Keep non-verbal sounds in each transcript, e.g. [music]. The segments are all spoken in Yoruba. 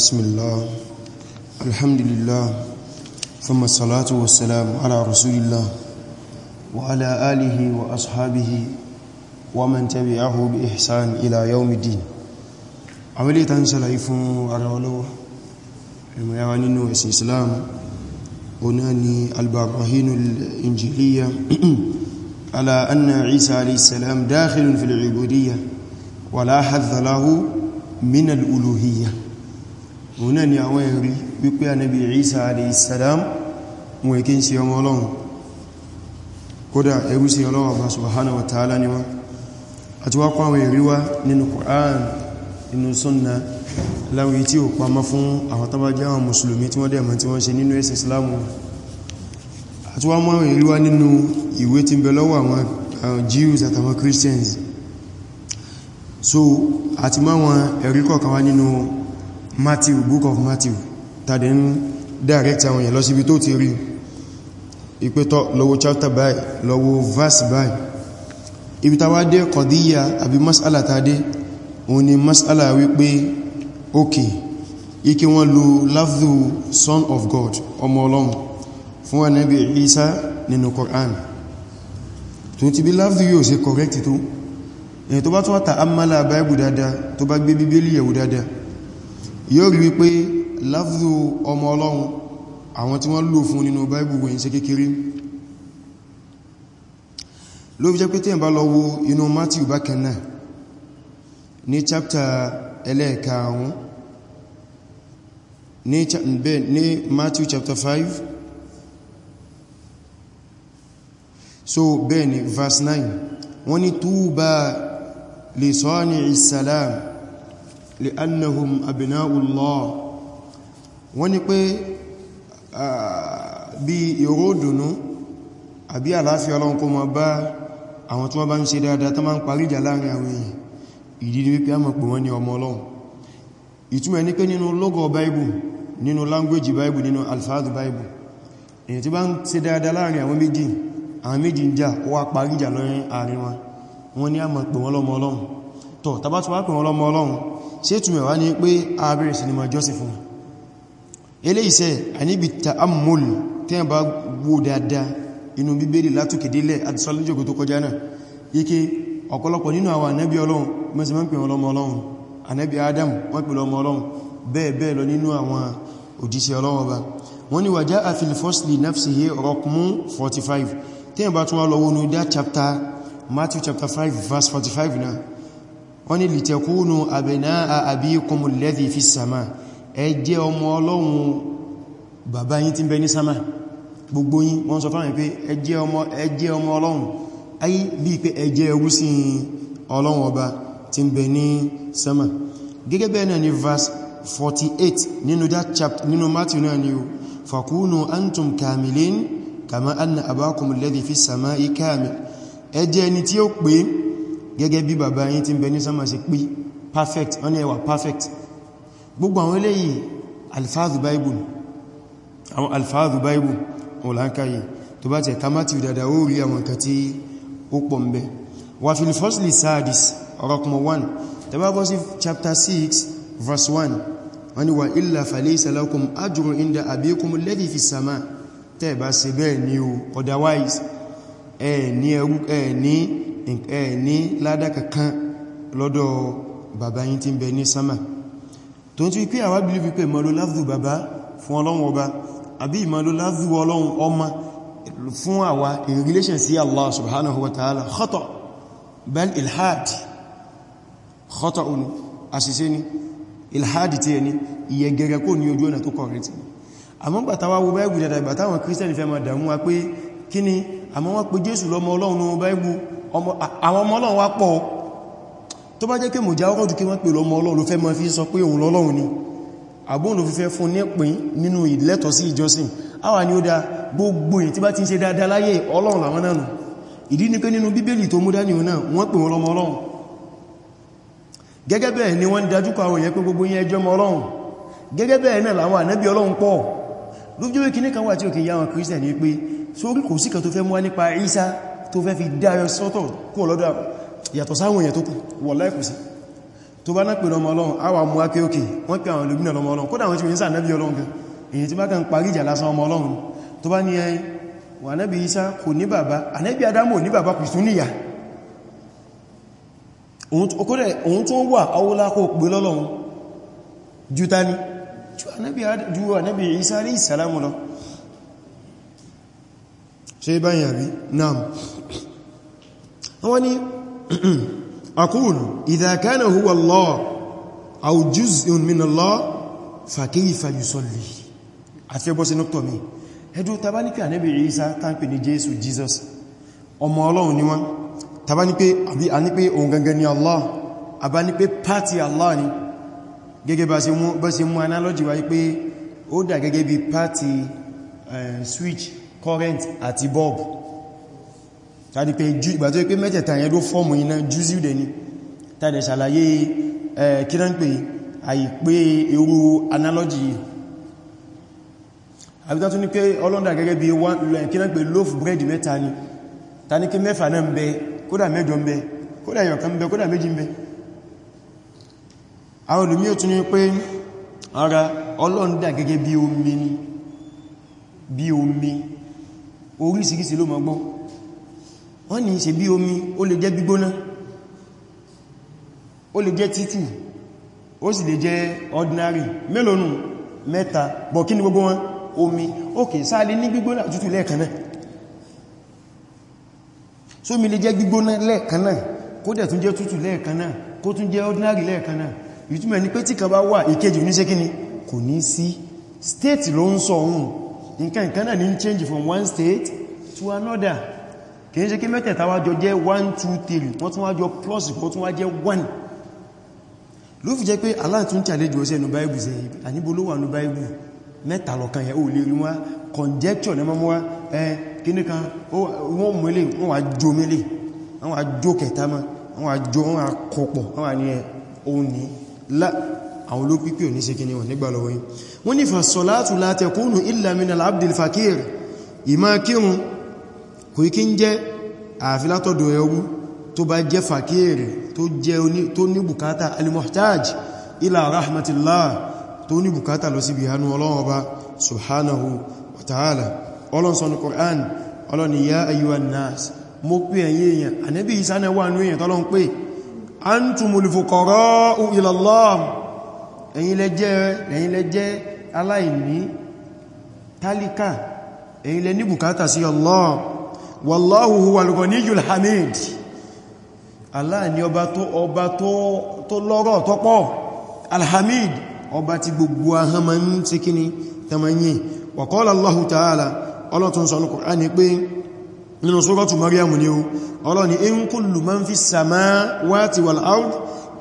بسم الله الحمد لله ثم الصلاة والسلام على رسول الله وعلى آله وأصحابه ومن تبعه بإحسان إلى يوم الدين عملية تنسل عفو على ولو الميعانين الإسلام وناني البراهين الإنجيلية [clears throat] على أن عيسى عليه السلام داخل في العبودية ولا حذ له من الألوهية òun náà ni àwọn ẹ̀rí wípé anábi Isa alayhi salam wọn èké ń ṣe ọmọ ọlọ́run kódà ẹrú sí ọlọ́run ọba subhanahu wa ta'ala ni wọ́n àti wá kọ́ àwọn ẹ̀rí wá nínú Qur'an nínú sunna láwọn èyí tí ó pamọ́ fún àwọn tó bá jẹ́ islamu àti wá mọ́ ẹ̀rí wá nínú ìwé tí ń bẹ Jews àtàwọn Christians so àti máwọn ẹ̀rí kọ̀ọ̀kan wá nínú Matthew book of Matthew tàdé ń direct àwọn èèyàn lọ síbi tó ti rí ìpétọ́ lọ́wọ́ chapter by lọ́wọ́ verse by ibi ta wá dé kọ̀díyà àbí mas'ala ta dé òun ni mas'ala wípé òkè ike wọn lo lafzu son of God ọmọ ọlọ́run fún ànábì Isa nínú Qur'an tó ti bí lafzu yóò ṣe correct tó èyí tó bá tó wá ta amala Bible dáadáa tó bá gbé bíbélì yẹ̀wò dáadáa yóò rí wípé láfíò ọmọ ọlọ́run àwọn tí wọ́n lò fún nínú báìbù wọ́n ṣe kékeré ló fi jẹ́ pé tí ẹ lọ wo inú Matthew bákan ní chapter ẹlẹ́ẹ̀karùn ní Matthew chapter 5 so bẹ́ẹ̀ ni verse 9 wọ́n ní túbà li sani'i salam li'annahum abina'ullah wọ́n ní pé bí ìró dùnú àbí àlàáfíà ọlọ́run kó ma bá àwọn tí wọ́n bá ń ṣe dáadáa tó máa ń parí ìjà láàrin àwọn èèyàn ìdí ni wípé a mọ̀ pé wọ́n ní ọmọ ọlọ́run ìtumọ̀ ní pé nínú logo bible nínú language bible ọlọ́run tọ̀ tàbá tí wọ́n pè wọn lọ́mọ ọlọ́run ṣe túnmẹ̀ wá ní pé a bẹ̀rẹ̀ sí ni ma jọ́sìn fún ilé iṣẹ́ àníbi ta'ammul tí wọ́n bá wó dáadáa inú bíbélì látòkèdélẹ̀ àti sọlójòkó tó kọjá náà ike ọ̀pọ̀lọpọ̀ nínú àwọn ànábì ọlọ́run mẹ́sí mọ́ pè wọn lọ́mọ ọlọ́run ànábì adam wọ́n pè lọ́mọ ọlọ́run bẹ́ẹ̀ bẹ́ẹ̀ 45 tí wọ́n bá tún wá lọ wọnú matthew chapter 5 verse 45 náà wọ́n ni litakunu abna'a abikum alladhi fi sama ẹ jẹ́ ọmọ ọlọ́run bàbá yín tí ń bẹ ní sama gbogbo yín wọ́n sọ fáwọn pé ẹ jẹ́ ọmọ ẹ jẹ́ ọmọ ọlọ́run ayé bí pé ẹ jẹ́ ọlọ́run ọba tí ń bẹ ní sama gẹ́gẹ́ bẹ́ẹ̀ náà ẹni tí ó pé gẹ́gẹ́ bí bàbá yín tí ń bẹ sánmà sí pí perfect wọ́n ní ẹwà perfect gbogbo àwọn eléyìí alfáàdù bible àwọn alfáàdù bible wọ́n láńkáyè tó bá tẹ̀ tamati dada ó rí àwọn nǹkan tí ó pọ̀ ń bẹ wà fil fosli sadis ọ̀rọ̀kùnmọ̀ chapter 6 verse 1 wọ́n ní wà illa falaysa lakum ajrun inda abikum alladhi fi sama tẹ́ẹ̀bá ṣe bẹ́ẹ̀ ni o otherwise ẹ̀ ní ẹ ní ládá kankan lọ́dọ̀ bàbá yín tí ń bẹ ní sánmà tó ń tí pé àwa believe pé ìmọ̀lò láàzù bàbá fún ọlọ́run ọba àbí ìmọ̀lò láàzù ọlọ́run ọmọ fún àwa in relation sí Allah subhanahu wa ta'ala khata bal ilhad khata unu àṣìṣe ni ilhad tí ẹni ìyẹgẹrẹ kò ní ojú ọ̀nà tó kọ̀rẹ́tì àmọ́ gbàtàwà wo báyìí gbìdàdà gbàtàwọn kírísítẹ̀nì fẹ́ máa dàmú wa pé kí ni àwọn ọmọ ọlọ́run wá pọ̀ tó bá jẹ́ pé mò já ọrọ̀ jù kí wọ́n pè lọ́mọ ọlọ́run ló fẹ́ mọ́ fi sọ pé òun lọ́lọ́run ni àbóhùn ló fi fẹ́ fún nípìn nínú ìlẹ́tọ̀ sí ìjọsìn àwa ni ó da gbogbo èyí tí bá ti ń ṣe dáadáa láyé ọlọ́run làwọn náà nù ìdí ni pé nínú bíbélì tó mú dání náà wọ́n pè wọ́n lọ́mọ ọlọ́run gẹ́gẹ́ bẹ́ẹ̀ ni wọ́n dájúkọ àwọn èèyàn pé gbogbo yẹn ẹjọ́ mọ́ ọlọ́run gẹ́gẹ́ bẹ́ẹ̀ náà làwọn ànábì ọlọ́run pọ̀ lójú wé kìníkan wà tí ò kìí yá àwọn kírísẹ̀ ní pé sórí kò tó fẹ́ fi dáyọ sọ́tọ̀ kó lọ́dọ̀ yàtọ̀ sáwọn èèyàn tó kù wallahi kò sí tó bá nápẹ̀ lọmọ ọlọ́run àwà mú ápé òkè wọ́n pẹ̀ àwọn olùgbìnà lọmọ ọlọ́run kódà wọ́n ti wíńsà nẹ́bí ọlọ́run gan èyí tí bá kàn parí ìjà lásán ọmọ ọlọ́run tó bá ní ẹyìn wà nẹ́bí isa kò ní bàbá ànẹ́bí salamu ṣe báyìí àbí náà wọ́n ni akúlù idha kana huwa Allah aw juz'un min Allah fa kayfa yusalli àti ẹbọ́ sí nọ́tọ̀ mi ẹdú tabaníkà Ànábì Ìsá tánpẹ̀ ní Jésù Jesus ọmọ Ọlọ́run ni wọ́n tabanípé àbí a ní pé òun gangan ni Allah àbá ní pé pàtí Allah ni gẹ́gẹ́ bá ṣe mú analogy wáyé pé ó dà gẹ́gẹ́ bí pàtí eh, switch current àti bulb tàbí pé jù ìgbà tó pé mẹ́tẹ̀ta yẹn ló fọ́ọ̀mù iná jùsí ìdẹ̀ ni tàbí ṣàlàyé kíná ń pè àìpé ewu analogy àbíká tún ní pé ọlọ́ndà gẹ́gẹ́ bí kíná ń pè loaf bread mẹ́ta ni ta ní kí mẹ́fà náà ń bẹ kódà mẹ́jọ ń bẹ kódà ẹyọ kan ń bẹ kódà méjì ń bẹ àwọn olùmí ò tún ní pé ara ọlọ́ndà gẹ́gẹ́ bí omi ni bí omi oríṣiríṣi ló mọ́gbọ́ wọ́n ní ṣe bí omi ó lè jẹ́ gbígbóná ó lè jẹ́ títì ó sì lè jẹ́ ordinary mélòónù mẹ́ta bọ̀ kí ni gbogbo wọn omi sáàlé ní gbígbóná tútù lẹ́ẹ̀kan náà so mi lè jẹ́ gbígbóná kó dẹ̀ tún jẹ́ tútù kó tún jẹ́ ordinary nǹkan nǹkan náà ní change from one state to another kìí ṣe kí mẹ́tẹ̀ẹ̀ta wá jọ jẹ́ 1 2 3 wọ́n tún wá jọ plus wọ́n tún wá jẹ́ 1 ló fi jẹ́ pé Allah tún tí àlejò ọsẹ́ ẹnu báìbù sí àníbò ló wà ní báìbù mẹ́ta lọ̀kan yẹ ó lè rí wá conjecture ní mọ́mọ́ ẹ kíní kan wọ́n mọ́lé wọ́n wá jọ mẹ́lé wọ́n wá jọ kẹta mọ́ wọ́n wá jọ wọ́n wá kọpọ̀ wọ́n wá ní ẹ òun ní lá àwọn olópípẹ́ òní ṣe wọ́n ní fàṣọ́látù látẹkúnù ìlàmìnà al'abdìlfàkir ìmá kírun kò ikí ń jẹ́ àfilátọ̀dọ̀ ẹwú tó bá jẹ́ fàkir tó jẹ́ tó ní bùkátà al-muhtaj ila rahmatillah tó ní bùkátà lọ sí bihanu ọlọ́run subhanahu wa ta'ala ọlọ́run sọ ní Qur'an ọlọ́run aláìní tálíkà èyí lẹ ní bùkátà sí Allah wallahu huwal ghaniyyul hamid Allah ni ọba tó ọba tó lọ́rọ̀ tó pọ̀ alhamid ọba tí gbogbo ahán ma ń tí kíní tamanyi wa qala Allahu ta'ala ọlọ́tún sọ Al-Qur'ani pé nínú suratu Maryam ni ó ọlọ́ni in kullu man fis samawati wal ard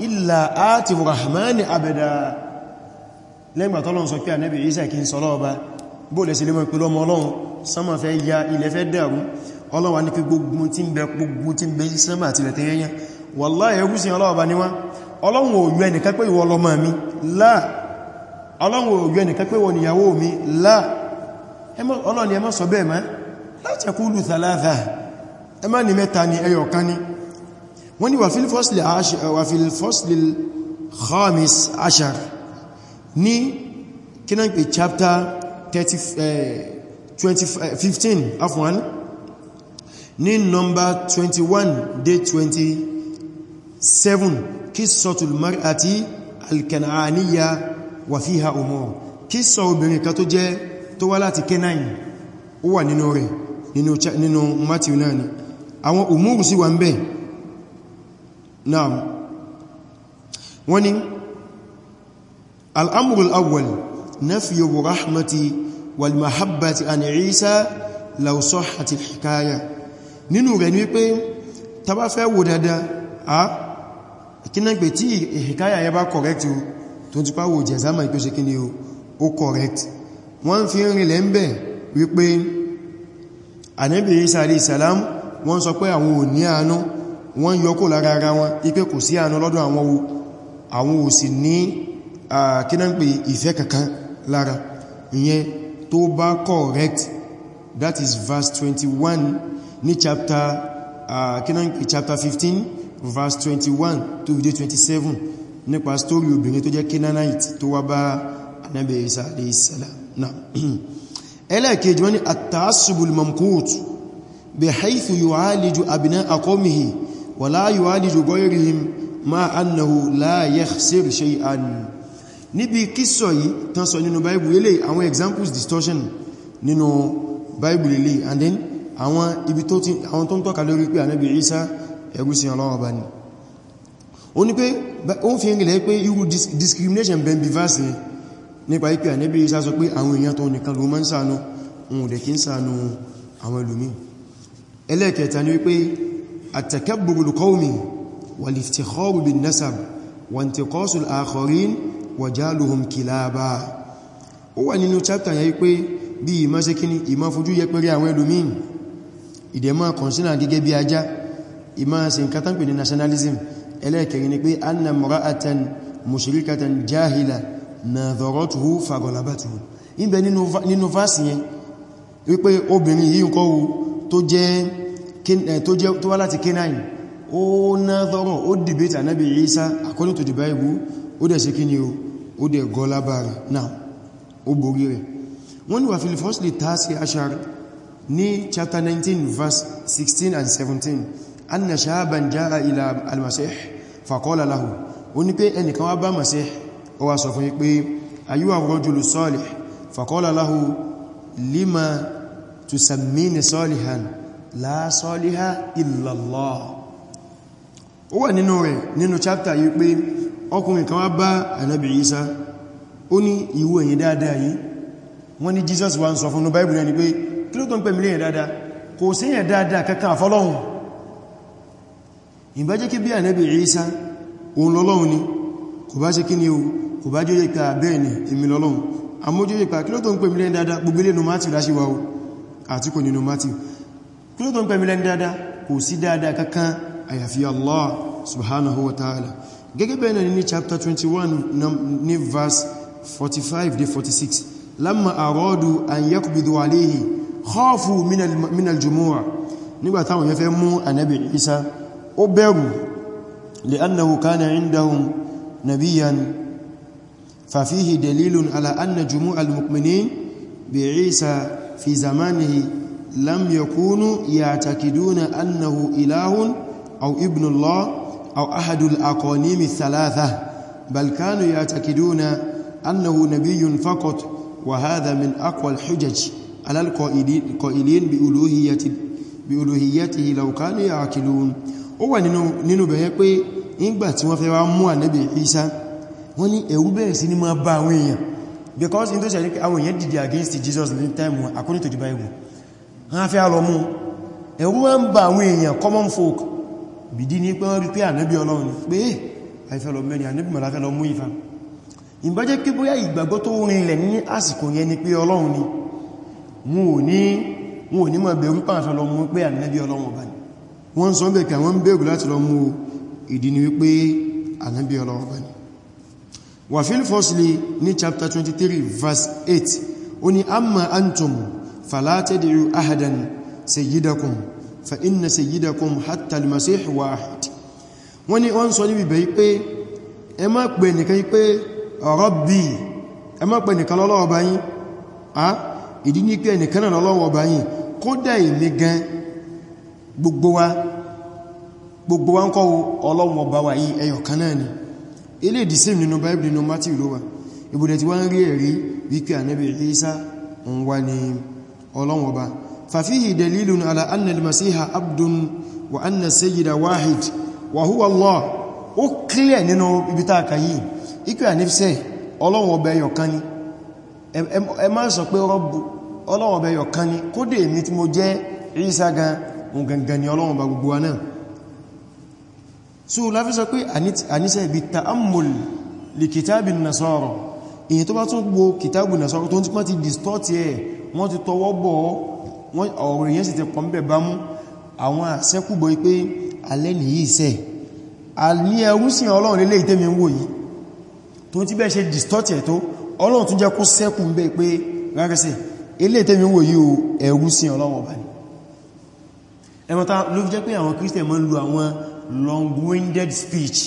illa ati rahmani abada lẹ́gbà tọ́lọ́n sọ pé ànẹ́bì Ìsá kí n sọ lọ́ọba bó lẹ́sí lé mọ́ pẹ̀lú ọmọ ọlọ́run sánmà fẹ́ ya ilẹ̀ fẹ́ dàrú ọlọ́wà ní pé gbogbo tí ń bẹ gbogbo tí ń bẹ sánmà àti ilẹ̀ tẹ́yẹyẹn wallahi ẹgúsìn ọlọ́ọba ni wọ́n ọlọ́run ò yọ ẹnìkan pé ìwọ lọ́mọ mi láà ọlọ́run ò yọ ẹnìkan pé ìwọ nìyàwó mi láà ni wà fil fasli ní kí náà pè chapter 30, uh, 20, uh, 15 afwan ní number 21 dé 27 qissatul mar'ati alkan'aniya wa fiha umur kí sọ obìnrin kan tó jẹ́ tó wá láti Kenani ó wà nínú rẹ̀ nínú Matthew náà ni àwọn umuru sí wà ń bẹ̀ náà wọ́n ni الأمر الأول نفي الرحمة والمحبة عن عيسى لو صحت الحكاية nínú rẹ̀ ní pé tá bá fẹ́ wò dáadáa a kínan pé tí ìhìkáyà yẹ bá correct o tó ti pàwò jẹ̀zámà ìpé ṣe kí ni o correct wọ́n fi ń rìnlẹ̀ ń bẹ̀ wípé Ànábì Ìsá alayhi salam wọ́n sọ pé àwọn ò ní àánú wọ́n yọkò lára ara wọn ipé kò sí àánú lọ́dọ̀ àwọn ò sì ní Ah, kí náà ń pè ìfẹ́ kankan lára ìyẹn tó bá correct that is verse 21 ní chapter ah, kí náà ń chapter 15 verse 21 tó bí dé 27 nípa story obìnrin tó jẹ́ Canaanite tó wá bá Ànábì Isa alayhi salam náà [clears throat] ẹlẹ́ẹ̀kejì wọ́n ni at-ta'assubul mamqut bihaythu yu'aliju abna'a qawmihi wa la yu'aliju ghayrihim ma annahu la yakhsir shay'an níbi kíso yìí tán sọ nínú bible eléyìí àwọn examples distortion nínú bible eléyìí and then àwọn ibi tó ti àwọn tó ń tọ́ka lórí pé ànábì Ìsá ẹrú sí Ọlọ́run Ọba ni ó ní pé ó fi ìrìnlẹ̀ pé irú discrimination ben bivasi nípa ipé ànábì Ìsá sọ pé àwọn èèyàn tó nìkan ló máa ń ṣàánú òun dẹ̀ kí ń ṣàánú àwọn ẹlòmí ẹlẹ́ẹ̀kẹta wàjálùhùn kìláàbá ó wà nínú chapter yẹ wípé bí i máa ṣe kíní ìmá fojú yẹpẹrẹ àwọn ẹlòmín ìdẹ̀mọ́ kọ̀nsínà gẹ́gẹ́ bí ajá ìmá ṣe nǹkan ní nationalism ẹlẹ́ẹ̀kẹrin ni pé anna mura'atan mushrikatan jahila nadharatuhu faghalabatuhu ìbẹ nínú fásì yẹn wípé obìnrin yìí ń kọ́wú eh, tó jẹ́ tó wá láti kenine ó nadhara ó dìbẹ̀tà nábi Isa according to the Bible ó dẹ̀ ṣe kíní o ó dẹ̀ gọlábà rẹ̀ náà ó borí rẹ̀ wọ́n ni wà fil fasli tasi ashar ní chapter 19 verse 16 and 17 anna shaban jaa ila almasih faqala lahu ó ní pé ẹnìkan wá bá masih ó wá sọ fún yí pé ayuwa rajulu salih faqala lahu lima tusammini salihan la saliha illa Allah ọkùnrin kan wá bá ànábì Isa ó ní ìwọ ẹ̀yin dáadáa yìí wọ́n ní Jesus wá ń sọ fún báìbù rẹ̀ ni pé kí ló tó ń pè mí lẹ́yìn dáadáa kò sí yẹn dáadáa kankan àfọ́lọ́hun ìbájẹ́ kí bí ànábì Isa òun lọ́lọ́hun ni kò bá ṣe kí ni o kò bá jóye ka bẹ́ẹ̀ ni èmi lọ́lọ́hun àmójóye pa kí ló tó subhanahu wa ta'ala gẹ́gẹ́ bẹ́ẹ̀ náà ní chapter 21 ní verse 45 dé 46 lamma aradu an yakbidu alayhi khafu min al-jumu'a nígbà táwọn yẹn fẹ́ mú anabi isa ó bẹ̀rù li'annahu kana indahum nabiyan ففيه دليل على أن جموع المؤمنين بعيسى في زمانه لم يكونوا يعتقدون أنه إله أو ابن الله أو أحد الأقانيم الثلاثة بل كانوا يعتقدون أنه نبي فقط وهذا من أقوى الحجج على القائلين بألوهية بألوهيته لو كانوا يعقلون ó wà nínú bẹ̀yẹ pé ìgbà tí wọ́n fẹ́ wá mú ànábì Ìsá wọ́n ní ẹ̀rù because in tó ṣe àwọn èèyàn dìde against Jesus ní time according to the Bible wọ́n fẹ́ lọ mú ẹ̀rù wọ́n bá àwọn èèyàn common folk bìdí ní pé wọ́n rí pé ànábí ọlọ́run ni pé àìfẹ́ eh, lọ mẹ́rin ànábí mọ̀lá fẹ́ lọ mú ìfà ìbájẹ́ pé bóyá ìgbàgbọ́ tó rin ilẹ̀ ní àsìkò yẹn ni pé ọlọ́run ni wọn ò ní mọ̀ bẹ̀rù pàtàkì lọ mú pé ànábí ọlọ́run ọba ni wọ́n sọ bẹ̀kẹ̀ wọ́n bẹ̀rù láti lọ mú ìdí ni wípé ànábí ọlọ́run ọba ni wà fíl fọ́sílì ní chapter 23 verse 8 ó ní amma antum falatadiru ahadan sayyidakum fa inna sayyidakum hatta al-masih wahid wọ́n ní wọ́n sọ ní bíbẹ̀ pé ẹ má pè nìkan pé rabbi ẹ má pè nìkan lọ́lọ́wọ́ bá yín a ìdí ní pé ẹnìkan náà lọ́lọ́wọ́ bá yín kódà ìlé gan gbogbo wa gbogbo wa ń kọ́ ọlọ́wọ́ bá wà yìí ẹyọ kan náà ni ilé ìdísìm nínú Bible nínú Matthew ló wà ibùdẹ̀ tí wọ́n rí ẹ̀rí wípé ànábì Isa ń wá ní ọlọ́wọ́ bá ففيه دليل على أن المسيح عبد وأن السيد واحد وهو الله ó kílẹ̀ nínú ibi tá a kà yìí ikú ànífisẹ́ ọlọ́run ọba ẹyọ kan ni ẹ má sọ pé ọlọ́run ọba ẹyọ kan ni kó dè mí tí mo jẹ́ Ìsá gan ohun gangan ni ọlọ́run ọba gbogbo náà so láfí sọ pé àníṣẹ́ ibi ta'ammul li kìtàbì nasọ́rọ̀ èyí tó bá tún gbọ́ kìtàbì nasọ́rọ̀ tó ń tí wọ́n ti distort ẹ̀ wọ́n ti tọwọ́ bọ̀ ọ́ ọ̀rọ̀ yẹn sì ti pọ̀ mẹ́bẹ̀ bá mú àwọn àṣẹ́kùbọ̀ pé alẹ́ nìyí iṣẹ́ ní ẹrúsìn ọlọ́run lélẹ̀ ìtẹ́mi ń wò yìí tó ti bẹ́ẹ̀ ṣe distort ẹ̀ tó ọlọ́run tún jẹ́ kó sẹ́kù ń bẹ́ pé rárẹsẹ̀ ilé ìtẹ́mi ń wò yìí o ẹrúsìn ọlọ́run ọba ni ẹmọta ló fi jẹ́ pé àwọn Christian máa ń lo àwọn long-winded speech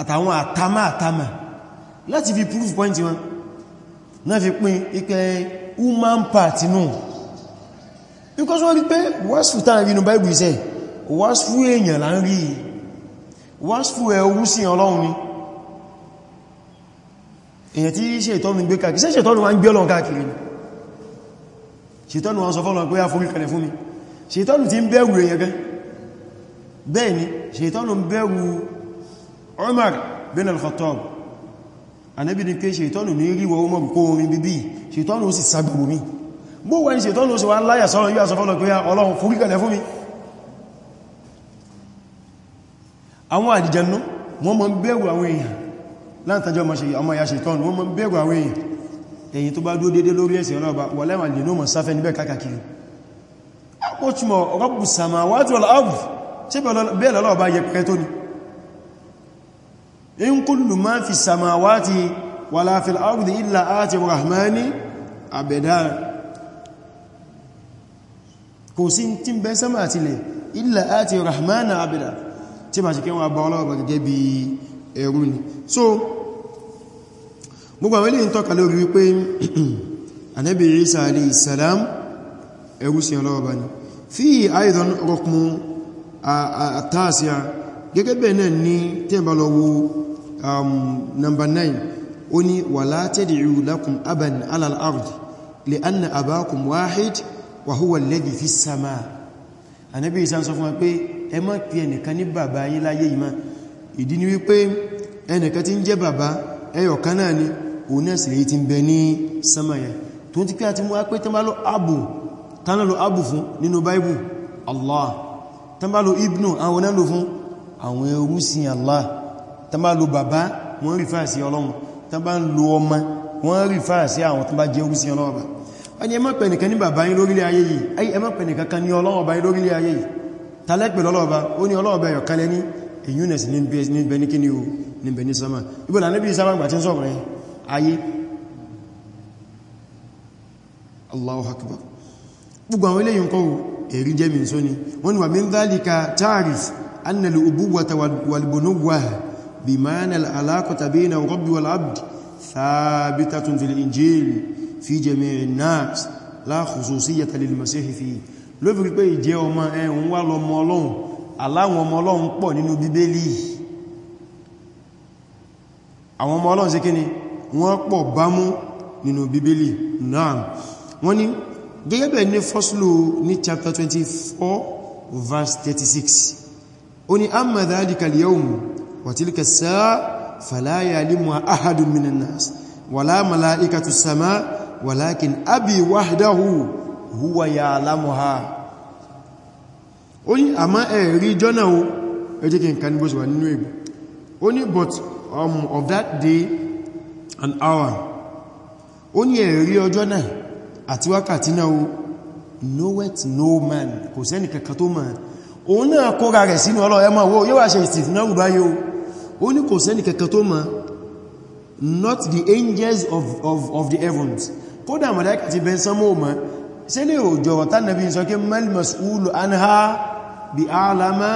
àtàwọn àtàmà àtàmà láti fi proof point wọn náà fi pín ipẹ́ human part náà because wọ́n rí pé wọ́sfù tàà rí inú báìbù iṣẹ́ wọ́sfù èèyàn là ń rí wọ́sfù ẹ̀rú sí ọlọ́run ni èyàn tí ṣètọ́nù gbé káàkiri ṣe ṣètọ́nù wá ń gbé ọlọ́run káàkiri ni ṣètọ́nù wá sọ fọ́lọ́run pé àforí kalẹ̀ fún mi ṣètọ́nù ti ń bẹ̀rù èyàn gẹ́ bẹ́ẹ̀ ni ṣètọ́nù ń bẹ̀rù Umar bin al-Khattab anẹ́bìnrin pé ṣètọ́nù ní ríwọ̀ Umar kó orin bíbí ṣètọ́nù ó sì sagbàgbò mi bó wẹ́n ṣe tọ́nà oṣù wa láyà sọ́rọ̀ yíò àṣọ fọ́lọ̀ pé ọlọ́run foríkẹ̀lẹ̀ fún mi àwọn àdìjẹnú wọ́n mọ́ bẹ̀rù àwọn èèyàn látàjọ́ ọmọ ya ṣe tọ́nà wọ́n mọ́ bẹ̀rù àwọn èèyàn èyí tó bá dúó dédé lórí ẹ̀sìn ọlọ́ọ̀bá wà lẹ́wà lè nóòmọ̀ sáfẹ́ níbẹ̀ kákàkiri àpọ̀tùmọ̀ Rabbus samawati wal ardh ṣe bẹ́ẹ̀ lọ́lọ́ọ̀bá yẹ pẹ́ tó ní in kullu ma fi kò sí tí ń bẹ sánmà àtìlẹ̀ illa àti rahmana abida tí ma ṣe kí wọ́n bá ọlọ́ọ̀bà gẹ́gẹ́ bí ẹ̀rù ni so gbogbo àwọn ilé ń tọ́ka lórí wípé [clears throat] Ànábì Isa alayhi salam ẹ̀rù sí ọlọ́ọ̀bà ni fi aidan rukmu àtàṣíà gẹ́gẹ́ bẹ̀ náà ní tẹ́bà lọ wo um, wa huwa alladhi fi as-samaa Ànábì Ìsá sọ fún wa pé ẹ má pè ẹnìkan ní bàbá yín láyé yìí mọ́ ìdí ni wípé ẹnìkan tí ń jẹ́ bàbá ẹyọ kan náà ni òun náà sì rí ti ń bẹ ní sánmà yẹn tó ti pé àti mú wọ́n rí fà sí Ọlọ́run tán bá ń lo ọmọ wọ́n rí fà sí àwọn tán bá jẹ́ ẹrúsìn Ọlọ́run wọ́n ni ẹ má pè nìkan ní bàbá yín lórílẹ̀ ayé yìí ayi ẹ má pè nìkan kan ní ọlọ́ọ̀bá yín lórílẹ̀ ayé yìí tàlẹ́pẹ̀ lọ́lọ́ọ̀bá ó ní ọlọ́ọ̀bá ẹ̀yọ̀ kalẹ̀ ní èyúnẹ̀s níbẹ̀ ní kíni o níbẹ̀ ní sama ibò là níbi sábà gbà tí ń sọ̀rọ̀ ẹ̀ ayé Allahu akbar gbogbo àwọn fi jami'i an-nas la khususiyyata lil masih fi ló fi pé ìjẹ́ ọmọ ẹ̀hùn wá lọmọ ọlọ́run aláwọn ọmọ ọlọ́run pọ̀ nínú bíbélì àwọn ọmọ ọlọ́run sí kí ni wọ́n pọ̀ bámú nínú bíbélì náà wọ́n ni gẹ́gẹ́ bẹ̀ ní fọ́sùlù ní chapter 24 verse 36 ó ní amma dhalika al-yawm wa tilka as-sa'a fala ya'lamuha ahadun minan nas wala mala'ikatu as-sama' ولكن abi وحده هو ya'lamuha ó ní àmọ́ ẹ̀rí jọ́nà ó ẹjẹ́ kí n ká ní bó ṣe wà nínú ìbò ó ní but um, of that day and hour ó ní ẹ̀rí ọjọ́ náà àti wákàtí náà ó knoweth no man kò sẹ́ni kankan tó mọ̀ òun náà kóra rẹ̀ sínú ọlọ́ẹ̀mọ̀ owó yóò wá ṣe ìsìnkú báyìí ó ní kò sẹ́ni kankan tó mọ̀ not the angels of, of, of the heavens kódà màláíkà ti bẹ́ẹ̀ sánmọ́ mọ́ sí lè òjò wọ̀tá nàbí sọ kí mal mas'ulu anha bi a'lama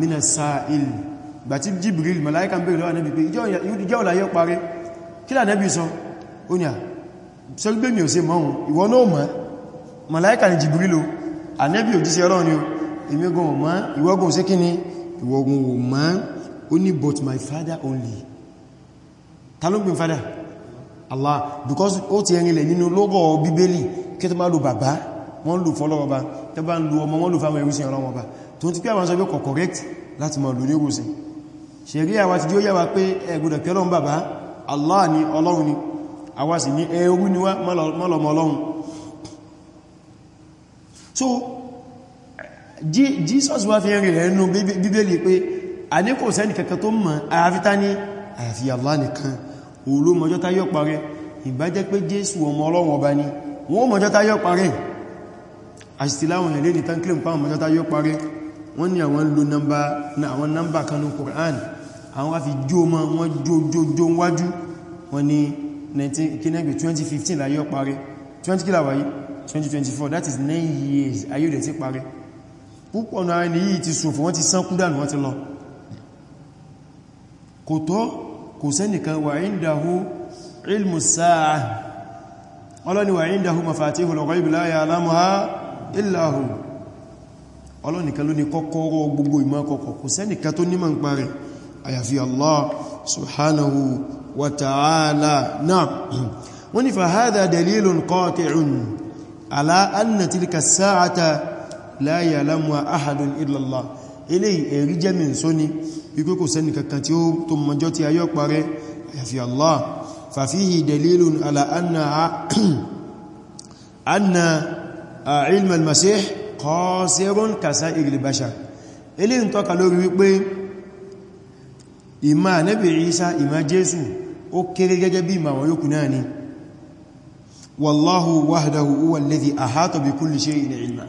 mina sa'il gbàtí Jibril màláíkà bèèrè lọ́wọ́ nàbí pé ìjọ́ ọ̀lá yóò parí kí lànàbí sọ ó ní à sọ gbé mi ò sí mọ́ ìwọ náà mọ́ màláíkà ni Jibril o ànẹ́bí ìwọ̀gùn ò mọ́ ó ní but my father only ta ló gbìn father Allah because O ti ẹrinlẹ̀ nínú lọ́gọ̀ bíbélì kí tó má lò bàbá wọ́n lò fọ́lọ́wọ́ba tó bá ń lò ọmọ wọ́n lò fáwọn ẹrúsìn ọlọ́wọ́ba tó ti pé àwọn sọ pé kọ̀ correct láti mọ̀ lò nírùsìn ṣẹ̀rí àwà ti jí ó yà wá pé ẹgbùdọ̀ pé ọlọ́run bàbá Allah ni ọlọ́run ni àwa sì ní ẹrú ni wá mọ́lọmọ ọlọ́run so Jesus wa fi rìnrìn ẹnu bibeli pé a ní kò sẹ́nì kankan tó mọ̀ àyàfi ta ní àyàfi Allah nìkan òòlò mọjọ́ta yọ parẹ́ ìbájẹ́ pé jésù ọmọ ọlọ́run ọba ni wọ́n mọjọ́ta yọ parẹ́ àṣìtìláwọn ẹ̀lẹ́ ní tánkìlẹ̀ pàwọn mọjọ́ta yọ parẹ́ wọ́n ní àwọn lo nọmbà na àwọn nọmbà kanú Qur'an àwọn wá fi jó mọ́ wọ́n jó jó jó wájú wọ́n ní 2015 láyọ parẹ́ 20 kìlà wáyé 2024 that is 9 years ayé rẹ̀ ti parẹ́ púpọ̀ náà ni yìí ti sòfò wọ́n ti sánkúdà wọ́n ti lọ kò tọ́ kò sẹ́nìkan wà indahu ilmu sáà ọlọ́ni wà indahu mafatihul ghaib la ya'lamuha illa hu ọlọ́nìkan ló ní kọ́kọ́rọ́ gbogbo ìmọ̀ kọ̀kọ̀ kò sẹ́nìkan tó nímọ̀ ń parẹ̀ àyàfi Allah subhanahu wa ta'ala náà wọ́n ni fa hadha dalilun qati'un ala anna tilka as wípé kò sẹ́ni kankan tí ó tó mọjọ́ tí ayọ́ parẹ́ àyàfi Allah fàfíhì dalilun ala anna [clears throat] ilmal masih qasirun kasa irilibasha ilé ń tọ́ka lórí wípé ìmá Ànábì Ìsá ìmá Jésù ó kéré gẹ́gẹ́ bí ìmá wọn yókù náà ni wallahu wahdahu huwa alladhi ahata bi kulli shay'in ilma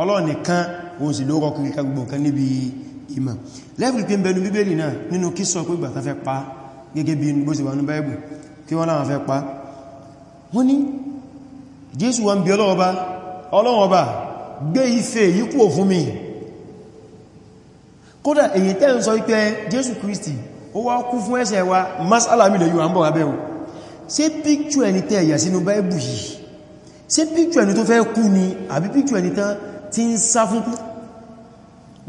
Ọlọ́run nìkan òun sì ló rọ̀kùnrin kan gbogbo kan níbi ìmọ̀ lẹ́fìrí pé ń bẹnu bíbélì náà nínú kí sọ pé ìgbàtà fẹ́ pa gẹ́gẹ́ bí bó ṣe wà ní báìbù kí wọ́n láwọn fẹ́ pa wọ́n ní jésù wọ́n bí ọlọ́ọba ọlọ́ọba gbé ife yìí kúrò fún mi kódà wa masala mi lè yíwa ń bọ̀ abẹ́ o ṣé píkṣù ẹni tẹ́ ẹ̀yà sínú báìbù yìí ṣé píkṣù ẹni tó fẹ́ kú ni àbí píkṣù ti ń sá fún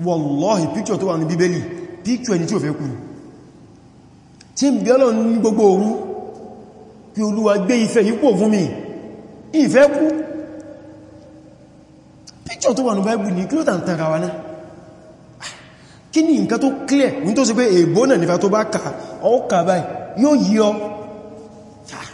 wallahi picture tó wà ní bíbélì picture ẹni tí ó fẹ́ kú tí ń bí ọlọ́run ní gbogbo òru pé olúwa gbé ìfẹ́ yípo fún mi ìfẹ́ kú picture tó wà ní báìbù ní kí ló tàn tàn náà kí ni nǹkan tó clear ní tó sì pé èèbó náà nífà tó bá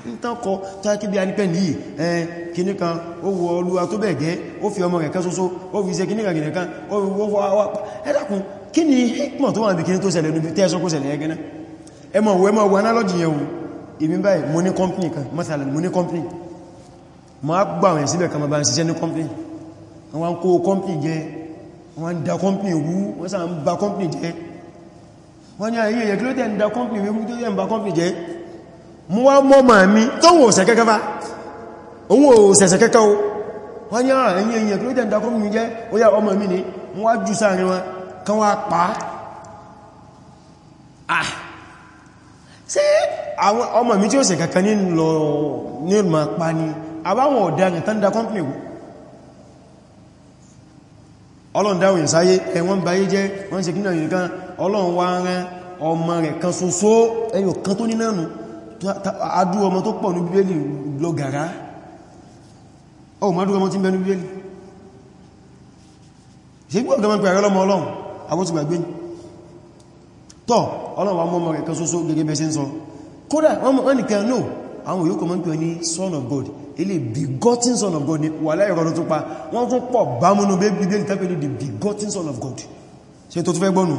ń tánkọ tánkí bí a ní pẹ̀lú yìí ẹn kìní kan ó wọ olúwa tó bẹ̀ gẹ́ ó fi ọmọ rẹ̀ kan ṣoṣo ó fi ṣe kìní kàkìní kan ó fi wọ́n wá ẹ dákun kí ni hikmọ̀ tó wà ní kìní tó ṣẹlẹ̀ níbi tẹ́ẹ̀sọ́ kó ṣẹlẹ̀ ẹgẹ́ náà ẹ mọ̀ wẹ́ mọ̀ wọ analogy yẹn wù èmi báyìí mo ní company kan masalan mo ní company ma gbà wọ̀nyẹ̀ síbẹ̀ kan bá ń ṣiṣẹ́ ní company wọ́n kó company jẹ wọ́n da company wú wọ́n sàn ba company jẹ wọ́n ní ayé yẹ̀ kí ló tẹ́ ń da company wú tó yẹ́ ń ba company jẹ mú mọ́ màá mi tóhùn òsẹ̀ kẹ́kẹ́ bá òun òsẹ̀sẹ̀ kẹ́kẹ́ o wọ́n ní ààrẹ èyàn tó ló dẹ̀ndà kọ́mù jẹ́ ó yá ọmọ mi ní wọ́n jù sáàrin wọn kan wá pa á sí ah! àwọn ọmọ mi tí ó sẹ̀ ní lọ ní ma ọmọ rẹ̀ kan ṣoṣo ẹyọ kan tó ní adú ọmọ tó pọ̀ ní bíbélì lọ gàrá ọ ma dúró ọmọ tí ń bẹ ní bíbélì ṣe gbọ́ ọ̀gá mọ́ pẹ̀lú ọlọ́mọ ọlọ́run àwọn ti gbàgbé tọ́ ọlọ́run wa mọ́ ọmọ rẹ̀ kan ṣoṣo gẹ́gẹ́ bẹ́ ṣe ń sọ kódà wọ́n nìkan náà àwọn yóò kọmọ́ ń pẹ̀ ní son of God ilé begotten son of God ni wà láìrọ̀dọ̀ tó pa wọ́n tún pọ̀ bámúnú bíbélì tàbí ní the begotten son of God ṣe tó tún fẹ́ gbọ́nù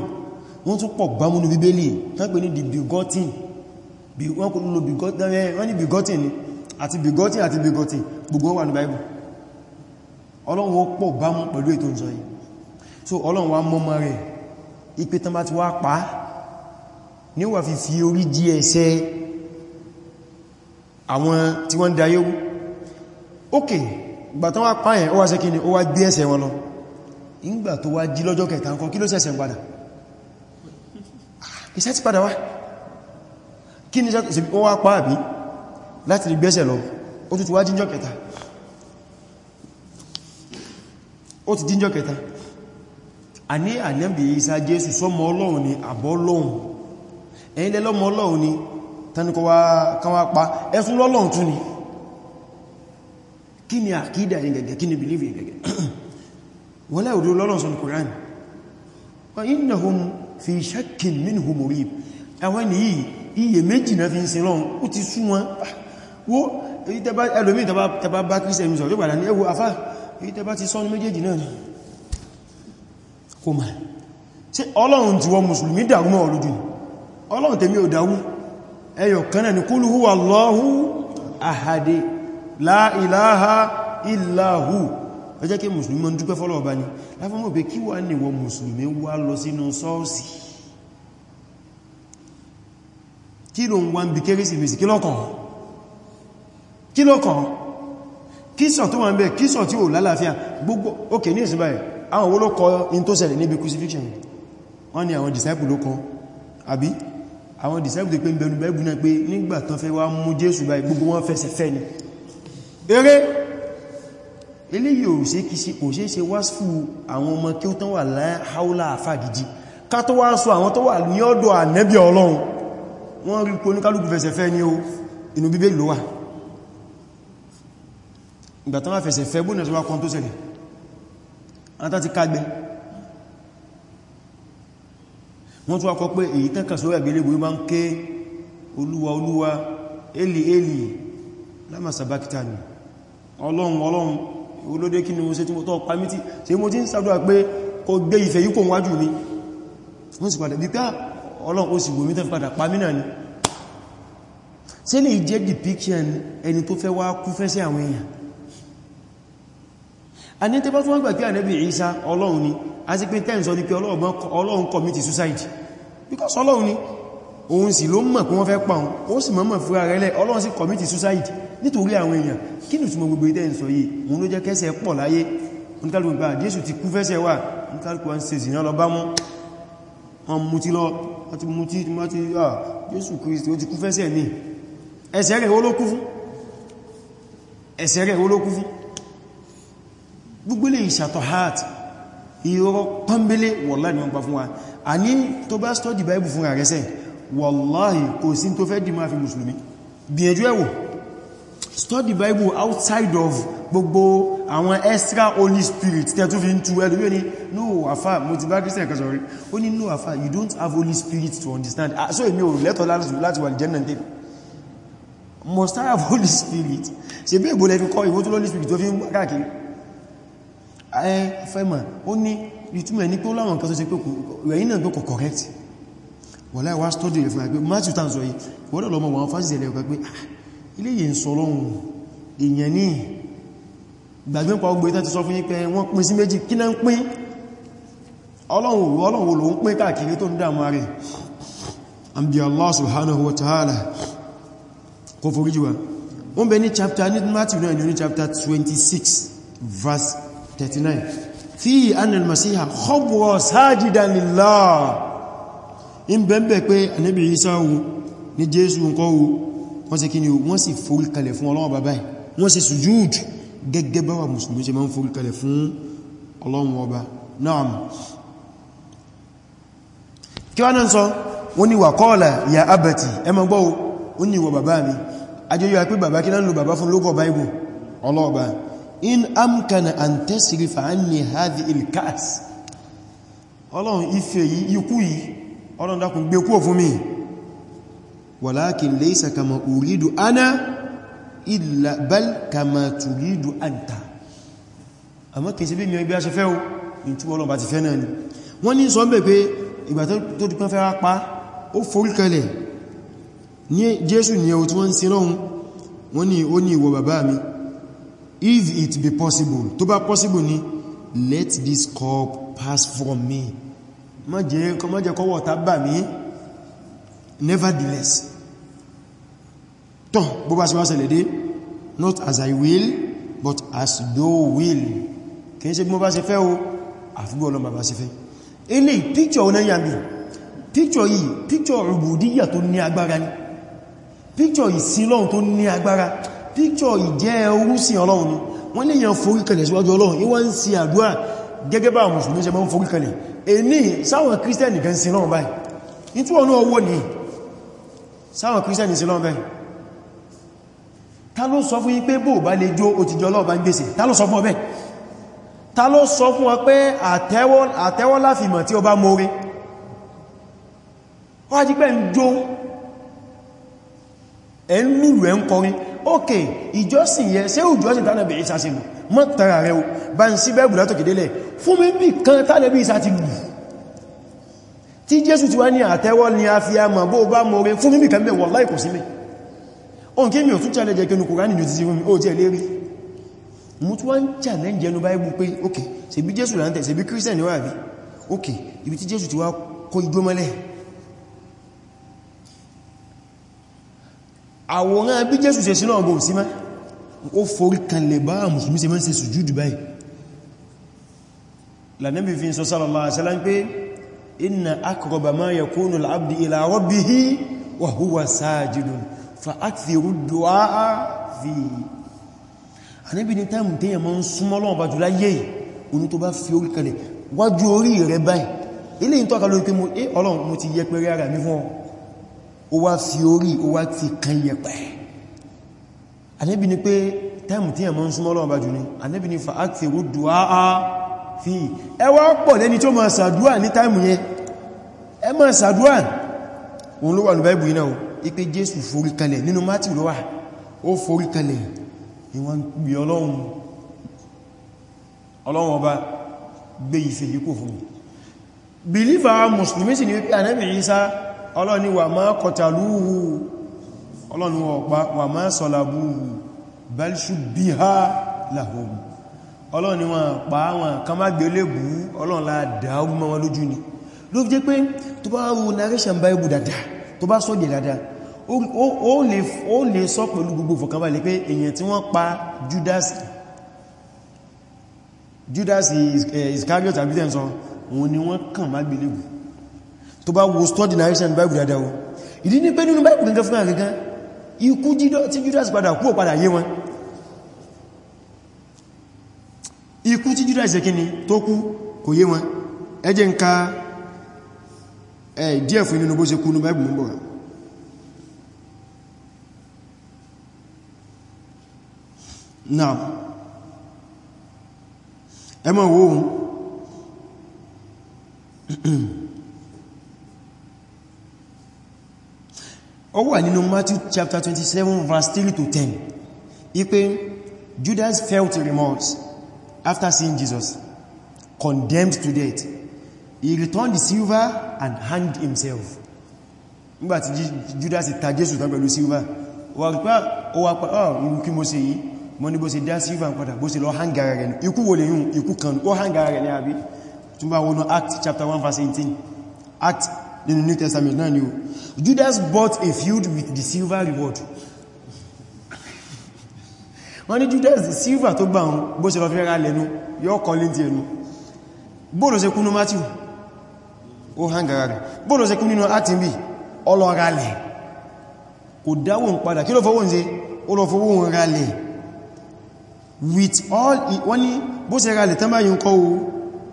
wọ́n tún pọ̀ bámúnú bíbélì tàbí ní the begotten wọ́n kò lò begotten eh, ni àti begotten àti begotten gbogbo wà ní Bible ọlọ́run ó pọ̀ bá mú pẹ̀lú ètò ìsọ yìí so ọlọ́run wá mọ́mọ́ rẹ̀ ipé tán bá ti wá pàá ní wà fi fi orí jí ẹsẹ̀ àwọn tí wọ́n dayé wú ókè ìgbà tán wá pààyàn ó wá ṣe kíni ó wá gbé ẹsẹ̀ wọn lọ ìgbà tó wá jí lọ́jọ́ kẹta nǹkan kí ló ṣẹ̀ṣẹ̀ padà ah, iṣẹ́ ti padà wá kí ní wọ́n wá pàá bí láti rí gbẹ́sẹ̀ lọ ó tún ti wá díjọ́ kẹta ó ti díjọ́ kẹta a ní ànẹ́bì Ìsá Jésù sọmọ Ọlọ́run ni àbọ́ Ọlọ́run ẹ̀yin lẹ́lọ́mọ Ọlọ́run ni tánikọ́ wá kán wá pa ẹfún lọ́lọ́run tún ni kí ni àkídà yìí gẹ̀gẹ̀ kí ni believe gẹ̀gẹ̀ [clears throat] wọ́n láì òdó lọ́lọ́run sọ ní Koran wa innahum fi shakkin minhu murib àwọn ènìyàn iye méjì náà fi ń sin lọ́run ó ti sú wọn wó ẹlòmí tẹba bá kírísẹ̀ ìmìsọ̀ yóò padà ní ẹwọ afá èyí tẹba ti sọ́nù méjèèjì náà ni kò mà tí ọlọ́run ti wọ mùsùlùmí dàrú mọ́ ọlójú ọlọ́run tèmi ò dàrú ẹyọ kan náà ni kúlù húwà Allahu ahade la ilaha illa hu ẹ jẹ́ kí mùsùlùmí mọ́ dúpẹ́ fọ́lọ́ ọba ni láfọ́mọ̀ pé kí wà ní wọ mùsùlùmí wá lọ sínú ṣọ́ọ̀ṣì kí ló ń wá ń bí kérésìmesì kí lọ́kàn kí lọ́kàn kíṣọ̀ tó wà ń bẹ kíṣọ̀ tí ó lálàáfíà gbogbo òkè ní ìsìnbà ẹ̀ àwọn owó ló kọ in tó ṣẹlẹ̀ níbi crucifixion wọ́n ni àwọn disciple ló kọ àbí àwọn disciple pé ń bẹnu bẹ́ẹ̀bù náà pé nígbà tán fẹ́ wá mú Jésù báyìí gbogbo wọn fẹsẹ̀ fẹ́ ni eré eléyìí ò ṣe kìí kò ṣe ṣe wá fún àwọn ọmọ kí ó tán wà láháúlà àfà gidi ká tó wá sọ àwọn tó wà ní ọ̀dọ̀ ànẹ́bí Ọlọ́run wọ́n rí pé oníkálùkù fẹsẹ̀ fẹ́ ní o inú Bíbélì ló wà ìgbà tán wá fẹsẹ̀ fẹ́ bóòdì tó wá kan tó ṣẹlẹ̀ átá ti kágbẹ́ wọ́n tó wá kọ pé èyí tán kàṣọ́ ẹ̀gbẹ̀lẹ́gbò yí máa ń ké olúwa olúwa eli eli lama sabakitani ọlọ́run ọlọ́run olóde kí ni mo ṣe tí mo tọ́ pàmítí ṣe mo ti ń sàdúrà pé kò gbé ìfẹ̀ yíkò wájú mi wọ́n sì padà bí pé ah, ọlọ́run ó sì wòmí tó fi padà pàmínà ni ṣe lè jẹ́ depiction ẹni tó fẹ́ wá kú fẹ́ sí àwọn èèyàn a ní tẹ́bá tó wọ́n gbà pé ànẹ́bì Ìsá ọlọ́run ni a sì pé tẹ́ǹsọ ni pé ọlọ́run commit suicide because ọlọ́run ni òun sì ló mọ̀ pé wọ́n fẹ́ pa òun ó sì mọ̀mọ̀ fún ara rẹ̀ ọlọ́run sì commit suicide nítorí àwọn èèyàn kí ni túnmọ̀ gbogbo ìtẹ́ǹsọ yìí òun ló jẹ́ kẹ́sẹ̀ pọ̀ láyé oníkálùkù gbà Jésù ti kú fẹ́sẹ̀ wà oníkálùkù wọn ṣe zìnà lọ bá mú wọn lọ wọ́n ti mú tí wọ́n ti yà ah, Jésù Kristi ó ti kú fẹ́sẹ̀ ní ẹ̀ṣẹ̀ rẹ̀ olókú fún ẹ̀ṣẹ̀ rẹ̀ olókú fún gbogbo lè ìṣàtọ̀ heart ìrọ̀ pọ́nbélé wọ̀láì ni wọ́n pa fún wa a ní tó bá study Bible fún àrẹsẹ̀ wọ̀láì kò sí tó fẹ́ dì máa fi mùsùlùmí gbìyànjú ẹ̀wọ̀ study bible outside of gbogbo àwọn extra holy spirit tẹ́ tó fi ń tu ẹlùmí ní no àfà mo ti bá christian kan sọ̀rí ó ní no àfà you don't have holy spirit to understand ah, so èmi ò lẹ́tọ̀ láti wà jẹ́ náà must I have holy spirit ṣe bí ègbò lẹ́fi kọ́ ìwó tó holy spirit tó fi ń gbá káàkiri ẹ ah, eh, fẹ́mà ó ní ìtumọ̀ ní pé ó láwọn kan tó ṣe pé rẹ̀yìn náà gbọ́kọ̀ correct wọ́n láìwá study rẹ̀ fún àgbé matthew tanzoi wọ́n lọ́mọ wọn fásitì ẹ̀lẹ́ ọ̀gbẹ́ ilé yìí ń sọ lọ́hun èèyàn ní gbàgbé pa ọgbẹ̀ tán ti sọ fún yín pé wọ́n pín sí méjì kí náà ń pín ọlọ́run ló ń pín káàkiri tó ń dààmú rẹ̀ an Allah subhanahu wa ta'ala kó foríjì wa wọ́n bẹ ní chapter ní Matthew náà ní chapter 26 verse 39 fi annal masiha khabwa sajidan lillah in bẹ̀m̀bẹ̀ pé Ànábì Isa ní Jésù nǹkan wọ́n ṣe kíni wọ́n sì foríkalẹ̀ fún Ọlọ́run bàbá wọ́n ṣe sujúd gẹ́gẹ́ báwa mùsùlùmí ṣe máa ń foríkalẹ̀ fún Ọlọ́run ọba naam kí wọ́n náà in amkana an tasrifa anni hadhi ilkaas ọlọ́run ife yìí ikú yìí ọlọ́run dákun gbé kúrò fún mi walakin laysa kama uridu ana illa bal kama turidu anta àmọ́ kìí sí bí mi ẹgbẹ́ aṣe fẹ́ o ní tí Ọlọ́run bá ti fẹ́ náà ni wọ́n ní sọ ń bẹ̀ pé ìgbà tó dúpẹ́ fẹ́ rápá ó foríkalẹ̀ ní Jésù ní ẹwọ tí wọ́n ń sin lọ́hun wọ́n ní ó ní ìwọ bàbá mi if it be possible tó bá possible ni let this cup pass from me má jẹ́ kọwọ́ tá bà mí nevertheless tán bó bá sí wá ṣẹlẹ̀ dé not as I will but as thou will kìí ṣe bí mo bá ṣe fẹ́ o àfígbó ọlọ́mà bá ṣe fẹ́ ilé píkṣọ̀ ọ̀nà yàmì píkṣọ̀ yìí píkṣọ̀ rùbùdíyà tó ní agbára ni píkṣọ̀ ìsìnlọ́run tó ní agbára píkṣọ̀ ìjẹ́ orúsìn ọlọ́run ni wọ́n lè yàn forí kalẹ̀ síwájú ọlọ́run ìwọ́ ń ṣe àdúrà gẹ́gẹ́ bá àwọn mùsùlùmí ṣe máa ń forí kalẹ̀ èní sáwọn kírísítẹ̀nì kan sin lọ́run báyìí nítorí ọ̀nà ọwọ́ ni sáwọn kírísítẹ̀nì sin lọ́run báyìí ta ló sọ fún yín pé bó bá lè jó òtìjọ́ ọlọ́ọ̀bá gbèsè ta ló sọ fún ọbẹ̀ ta ló sọ fún ọ pé àtẹ́wọ́ láfimọ̀ tí ó bá mórí wọ́n á jí pẹ́ ń jó ẹ̀ ń lùlù ẹ̀ ń kọrin ókè ìjọsìn yẹ ṣé ìjọsìn tánàbì ìsàṣìlù mọ́ tara rẹ̀ o bá ń sí bẹ́ẹ̀bù látòkèdélẹ̀ fún mi bí kan tánàbì ìsàṣìlù tí jésù ti wá ni a fi a mọ̀ bó bá mọ̀ orin fún mi bí kan bẹ̀ o n kí mi ò tún challenge ẹgbẹ̀nu kòránì ní òtítí omi ó jẹ́ lérí mú tí wọ́n ń challenge ẹnu báyìí pé ok ṣe bí jésù láńtẹ̀ ṣe bí kírísẹ̀ ní wàbí ok ibi tí jésù ti wá kó igbó mọ́lẹ̀ àwòrán bí jésù ṣe sílọ́ ọgbọ̀ sí má ó forí kanlẹ̀ bá mùsùlùmí ṣe máa ń ṣe sùjúdù báyìí lànàbí fi ń sọ sallallahu alaihi wasallam pé inna aqraba ma yakunu al-abdu ila rabbihi wa huwa sajidun fa'akthiru du'a fi Ànábì ní táìmù tí yẹn mọ́ ń súnmọ́ Ọlọ́run bá jùlá yẹ́ oní tó bá fi orí kalẹ̀ wájú orí rẹ̀ báyìí ilé ìntọ́ kalọ̀ pé mo é Ọlọ́run mo ti yẹ pẹ̀rẹ̀ ara mi fún ọ wá fi orí o wá ti kan yẹ pẹ̀ Ànábì ní pé táìmù tí yẹn mọ́ ń súnmọ́ ipé jésù foríkalẹ̀ nínú matthew ló wà ó foríkalẹ̀ ìwọ̀n gbé ọlọ́run ọlọ́run ọba gbé ìfẹ́ yíkò fún mi believer musulmi sì ni wípé anẹ́bì isa ọlọ́ni wà máa kọtàlúhù ọlọ́ni wà máa sọ̀làbúhù balṣu bí ha lahum ọlọ́ni wọn pa wọn kan má gbé olébù ọlọ́nlá dáúgbọ́n wọn lójú ni ló fi jẹ́ pé tó bá rú narration bible dada tó bá sọ́jẹ̀ dada ó lè sọ pẹ̀lú gbogbo fọ̀kànbalẹ̀ pé èyàn tí wọ́n pa Judas Judas eh, Iscariot abitan sọ òun ni wọ́n kàn má gbélébù tó bá wo study narration Bible dada o ìdí ní pé nínú Bible nǹkan fún àrígán ikú tí Judas padà kú o padà yé wọn ikú tí Judas ṣe kíni tó kú kò yé wọn ẹ jẹ́ n ka eh, díẹ̀ fún inú bó ṣe kú ní Bible mú bọ̀rọ̀ náà ẹmọ̀ wo ó wà nínú Matthew chapter 27 verse 3 to 10 ipé Judas felt remorse after seeing Jesus condemned to death he returned the silver and hanged himself nígbàtí Judas ta Jésù tán pẹ̀lú silver wà pẹ́ ọwà pẹ́ ọ̀ ìrùkí mo ṣe yìí mọ́ ní bó ṣe dá sílvà padà bó ṣe lọ hangara rẹ̀ ikú wò lè yún ikú kan ó hangara rẹ̀ ní àbí tún bá wọnú act chapter 1 verse 18 act nínú new testament náà ni o judas bought a field with the silver reward wọ́n ní judas silver tó gbà wọn bó ṣe lọ fẹ́ ra lẹ́nu yóò kọ lé ti ẹnu bóòlò ṣe kún ní matthew ó hangara rẹ̀ bóòlò ṣe kún nínú acting bí ọlọ́ralẹ̀ kò dáwò padà kí ló fọwọ́ ń ṣe ó lọ fọwọ́ ń ralẹ̀ with all wọ́n ní bó ṣe ra lẹ̀ tán báyìí ń kọ́ o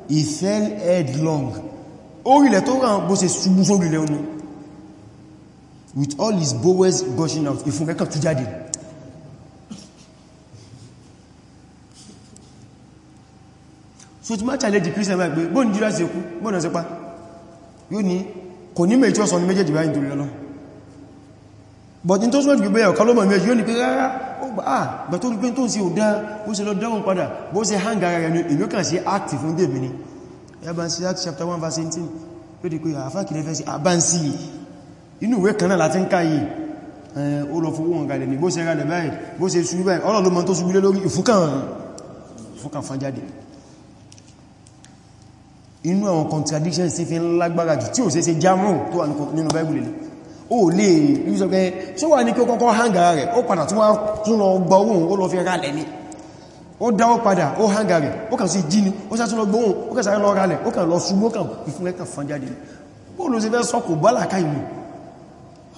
he fell headlong orílẹ̀ tó rán bó ṣe ṣubú sórílẹ̀ oní with all his bowels gushing out ìfún kẹ́kàn tó jáde so ti máa challenge Christian báyìí pé bóò ní Judas ṣe kú bóò náà ṣe pa yóò ní kò ní mẹ́ tí ó sọ ní méjèèjì báyìí torí lọ́lọ́ but in those sọ́rọ̀ you ẹ̀kọ́ lọ́mọ̀ méjì yóò ní pé ah but tó gbé tó ń ṣe òdá ó ṣe lọ dáhùn padà bó ṣe hang ara rẹ̀ ní èyí kàn sí act fún dèbì ni ẹbánsí act chapter 1 verse 18 yóò di pé àfákìlẹ̀ fẹ́ sí àbánsí inú ìwé kan náà láti ń ká yìí eh, ó lọ fowó wọn gàlẹ̀ ní bó ṣe rálẹ̀ báyìí bó ṣe ṣubú báyìí ọlọ́ ló mọ́ tó ṣubú lé lórí ìfúkàn fan jáde inú àwọn contradictions ti fi ń lágbára jù tí ò ṣe ṣe jámù tó wà nínú Bible lè ó lè rí sọ pé ṣó wà ní kí ó kọ́kọ́ hangara rẹ̀ ó padà tún lọ gbọ́wọ́n ó lọ fi rálẹ̀ ní ó dáwọ́ padà ó hangara rẹ̀ ó kàn sí jí ni ó sátún lọ gbọ́wọ́n ó kàn sáré lọ rálẹ̀ ó kàn lọ ṣubú ó kàn fífún rẹ̀ kàn fán jáde bóòlù sí fẹ́ sọ́kù bálàká ìlú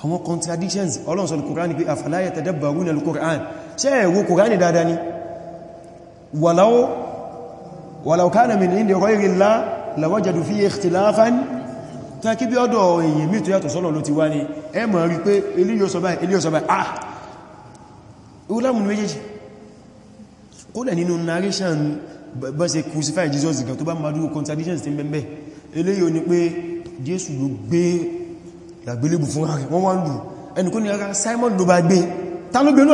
àwọn contradictions Ọlọ́run sọ Al-Qur'an pé afala yatadabbaruna al-Qur'an ṣé ẹ wo Qur'an dáadáa ni walau walau kana min indi ghayri Allah lawajadu fihi ikhtilafan tán kí bí ọ̀dọ̀ èyí mí tó yàtọ̀ sọ́lọ̀ ló ti wá ní ẹ mọ̀ rí pé eléyìí sọ báyìí eléyìí sọ báyìí ah ìwúlámù méjèèjì kó lẹ̀ Jesus gan tó bá madúrú contradictions ti mẹ́mẹ́ eléyìí ni pé Jésù ló gbé ìyàgbélébù fún ààrẹ wọ́n wá ń lù ẹni kó ní ara Simon ló bá gbé ta ló gbé ni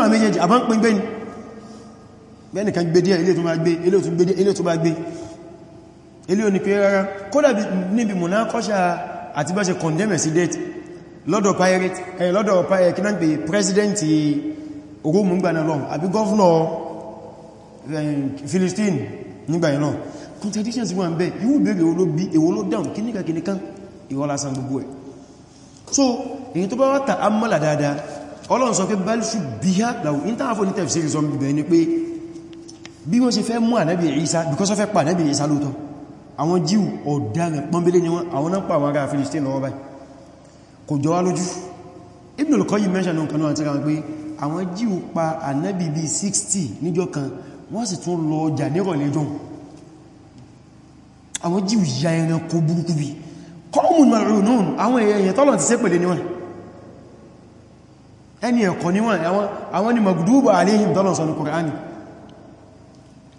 bẹ́ẹ̀ni kan díẹ̀ ilé tó bá gbé ilé tó pé rárá kódà níbi mùnákọ́ṣà àti bá ṣe condemn sí date lọ́dọ̀ pirate ẹ̀ lọ́dọ̀ pirate kí náà pè president Rome gbàna lọ́n àbí governor Philistine nígbàyàn náà contradictions wọ́n bẹ́ yíò bèèrè ewó ló bí ewó ló dáun kí níkà kìíní kan ìwọ́ lásán gbogbo ẹ̀ so èyí tó bá wá ta'ammala dáadáa Ọlọ́run sọ pé bal shubbiha lahu ìntàfò ní tafsir sọ bẹ̀rẹ̀ ni pé bí wọ́n ṣe fẹ́ mú ànábì Ìsá because wọ́n fẹ́ pa ànábì Ìsá lóòtọ́ àwọn jíù ọ̀daràn pọ́nbélé ni wọ́n àwọn náà pa àwọn ará Filistin lọ́wọ́ báyìí kò jọ wá lójú Ibn al-Qayyim mẹ́ṣànà kan náà tíra pé àwọn jíù pa ànábì bí 60 níjọ́ kan wọ́n sì tún lọ ọjà nírọ̀lẹ́ ya ẹran kó ni wọ́n ẹni ẹ̀kọ́ ni wọ́n àwọn ni magdubu alayhim tọ́lọ̀ sọ ní Kùránì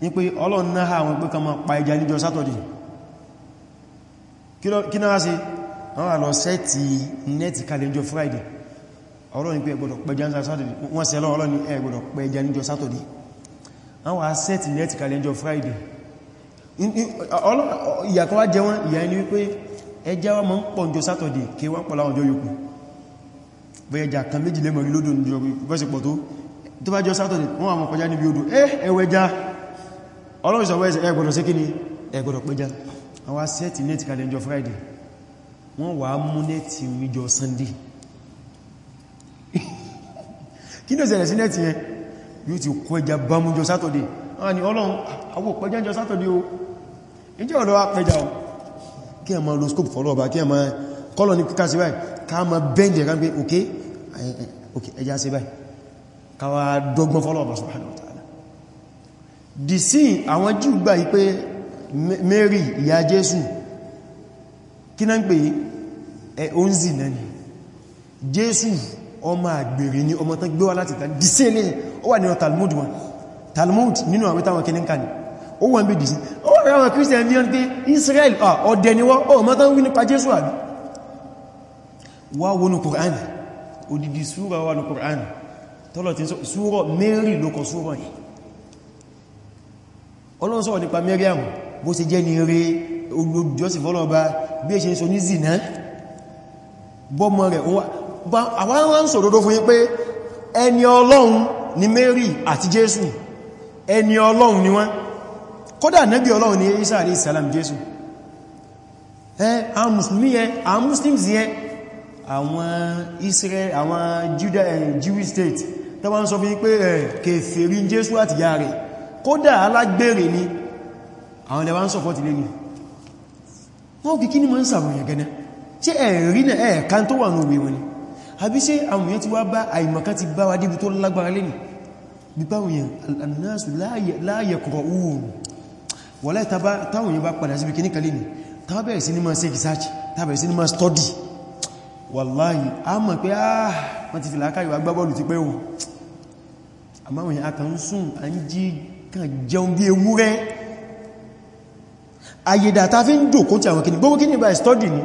wípé ọlọ́run náà àwọn pé kan máa pa ẹja níjọ sátọ̀dì kí náà sí àwọn àlọ́ sẹ́ẹ̀tì nẹ́ẹ̀tì kalẹ̀ níjọ friday ọlọ́run pé ẹgbọ́dọ̀ pẹja níjọ sátọ̀dì wọ́n sẹ́ lọ́run ẹgbọ́dọ̀ pẹja níjọ sátọ̀dì àwọn sẹ́ẹ̀tì níjọ ni wípé ẹja wọ́n máa ń pọ̀ níjọ sátọ̀dì kí wọ́n pọ̀ láwọn ọjọ́ yòókù bóyá ẹja kan méjìlélẹ́mọ̀rí lódò níjọ bọ́sẹ̀ pọ̀ tó tó bá odò ẹ́ eh, ẹwẹ́já ọlọ́run sọ wẹ́sẹ̀ ẹgbọ́dọ̀ sí kíni ẹgbọ́dọ̀ péjá àwọn asẹ́ẹ̀tì nẹ́ẹ̀tì kalẹ̀ ìjọ friday wọ́n wà mú nẹ́ẹ̀tì ìjọ sunday [laughs] kí ní ọ̀sẹ̀lẹ̀ sí nẹ́ẹ̀tì yẹn yóò ti kó ẹja bámújọ saturday wọ́n ni ọlọ́run àwọ̀ péjá ìjọ saturday o ìjọ ọ̀dọ̀ wa péjá o kí ẹ ma lo scope fọ́lọ́ ọba kí ẹ ma kọ́lọ̀ ní kíkà sí báyìí ká ma bẹ́ǹdì ẹ̀ká ń pé ok ẹja sí báyìí ká wa dọ́gbọ́n fọ́lọ́ ọba subhanahu wa dìsí àwọn Júù gbà yí pé Mary ìyá Jésù kí náà ń pè ẹ ounzi náà ni Jésù ọmọ àgbèrè ni ọmọ tán gbé wá láti tàn dìsí ní o wà nínú Talmud wọn Talmud nínú àwọn ìtàwọn kìnnì kan o wà ń bí dìsí ó rẹ̀ àwọn Christian bí wọ́n pé Israel ọdẹ ni o ọmọ tán wí nípa Jésù àbí wá wọnú Kùránì odidi súra wà ní Kùránì tọ́lọ̀ tí súrọ̀ Mary ló kọ súrọ̀ Ọlọ́run sọ̀rọ̀ nípa Maryam bó ṣe jẹ́ ní rí olùjọ́sìn fọ́lọ́ba bí ṣe sọ ní zina bọ́mọ rẹ̀ àwọn ará ń sọ̀rọ̀ fún yín pé ẹni Ọlọ́run ni Mary àti Jésù ẹni Ọlọ́run ni wọ́n kódà nẹ́bí Ọlọ́run ni Isa alayhi salam Jésù àwọn Mùsùlùmí yẹn àwọn Muslims yẹn àwọn Israel àwọn Judah eh, Jewish state tọ́wọ́n sọ fún yín pé eh, kèfèrí Jésù àti yà rẹ̀ kódà alágbèrè ni àwọn ilẹ̀ wá ń sọ̀pọ̀ ti lé ní wọ́n kìí kí ní mọ́ ń sàròyìn gẹ́nẹ́ tí ẹ̀rí náà ẹ̀ẹ̀ká tó wà ní òwe wọn ni àbí sí àmúyẹ́ ti wá bá àìmọ̀ká ti bá wa débi tó lágbára lẹ́nì gbígbáwòyàn al'annasu láàyẹ̀ kọ̀rọ̀ oòrùn wọ́n láì study wàláyì a mọ̀ pé ah wọ́n ti fi làákàyè agbábọ́ọ̀lù ti à ń jí kan jẹun bí ewúrẹ́ àyèdà ta fi ń dòkó tí àwọn kìnnì gbogbo kìnnì bá ìstọ́dì ní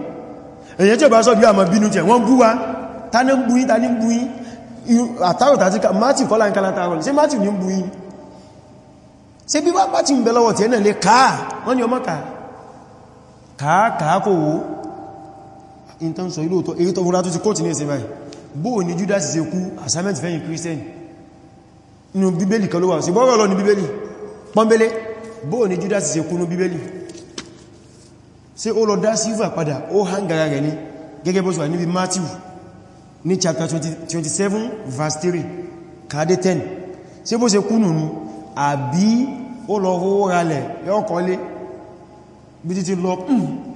èyàn tí ó bá sọ bí àmọ́ bínú tí wọ́n búwa ta ní búyí ta ní búyí àtàrò tàti mátì kọ́lá nǹkan látàrò sí mátì ní búyí sí bí bá ti ń bẹ lọ́wọ́ tí ẹ̀nà lè káà wọ́n ni ọmọ káà káà káà kò wó in tán sọ ilóòtọ́ èyí tó fúnra tó ti kóòtù ní ìsinmi bóò ni Judas ṣe kú assignment fẹ́yìn Christian nínú bíbélì kan ló wà sí bọ́rọ̀ lọ ní bíbélì pọ́nbélé bóò ní Judas ṣe kú ní bíbélì ṣé ó lọ dá sílvà padà ó hangara rẹ̀ ní gẹ́gẹ́ bó ṣùwà níbi Matthew ní chapter 27 verse 3 kàádé 10 ṣé bó ṣe kú nù àbí ó lọ rówó ralẹ̀ yọ́kọ́lé bí títí hmm,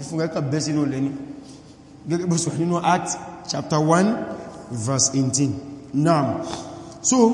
Acts chapter 1 verse 18 naam so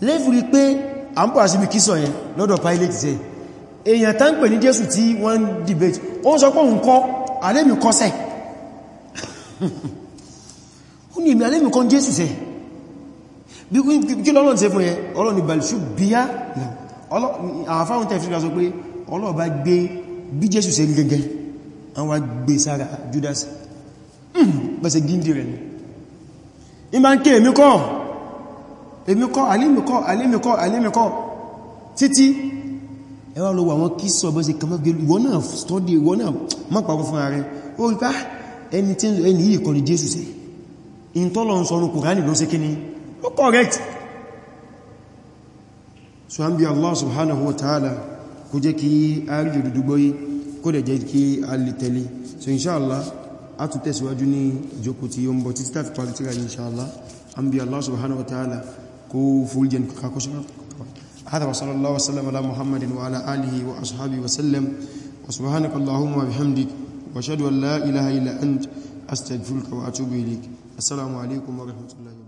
lẹ́fùrí pé a ń pàṣíbí kíso yẹn lọ́dọ̀ pilot ṣe èyàn tán pè ní jésù tí wọ́n debate ó ń sọ pé òun kọ́ alẹ́mì kọ́sẹ̀ [laughs] ó ní ìmì alẹ́mì kan jésù ṣe bí kí lọ́lọ́n ṣe fún yẹn ọlọ́ni balṣu bíyá àfáwọn tẹ́fìríkà sọ pé ọlọ́ọ̀bá gbé bí jésù ṣe gẹ́gẹ́ àwọn agbé sára judas hmm, bẹ́sẹ̀ gíndì rẹ̀ ni ìmá ń ké èmi kọ́ èmi kọ́ alimi kọ́ alimi kọ́ alimi kọ́ títí ẹ wá lọ wà wọn kí sọ bó ṣe kàn mọ́ bí ìwọ náà study ìwọ náà má pàkó fún ààrẹ ó rí pá ah, ẹni tí ẹni yìí kọ́ ni Jésù sí in tọ́lọ ń sọnù Kùránì ló ṣe kí ni ó correct so an Allah subhanahu wa ta'ala kó jẹ́ kí a rí jùdùdù gbọ́yí kó dẹ̀ jẹ́ kí a lè tẹ̀lé so inshallah a tún tẹ̀síwájú ní ìjókòó tí ó ń bọ̀ títí tàfi parí tíra inshallah Allah subhanahu wa ta'ala كوفولجن كاكوشن هذا وصلى الله وسلم على محمد وعلى آله وأصحابه وسلم وسبحانك اللهم وبحمدك وأشهد أن لا إله إلا أنت أستغفرك وأتوب إليك السلام عليكم ورحمة الله وبركاته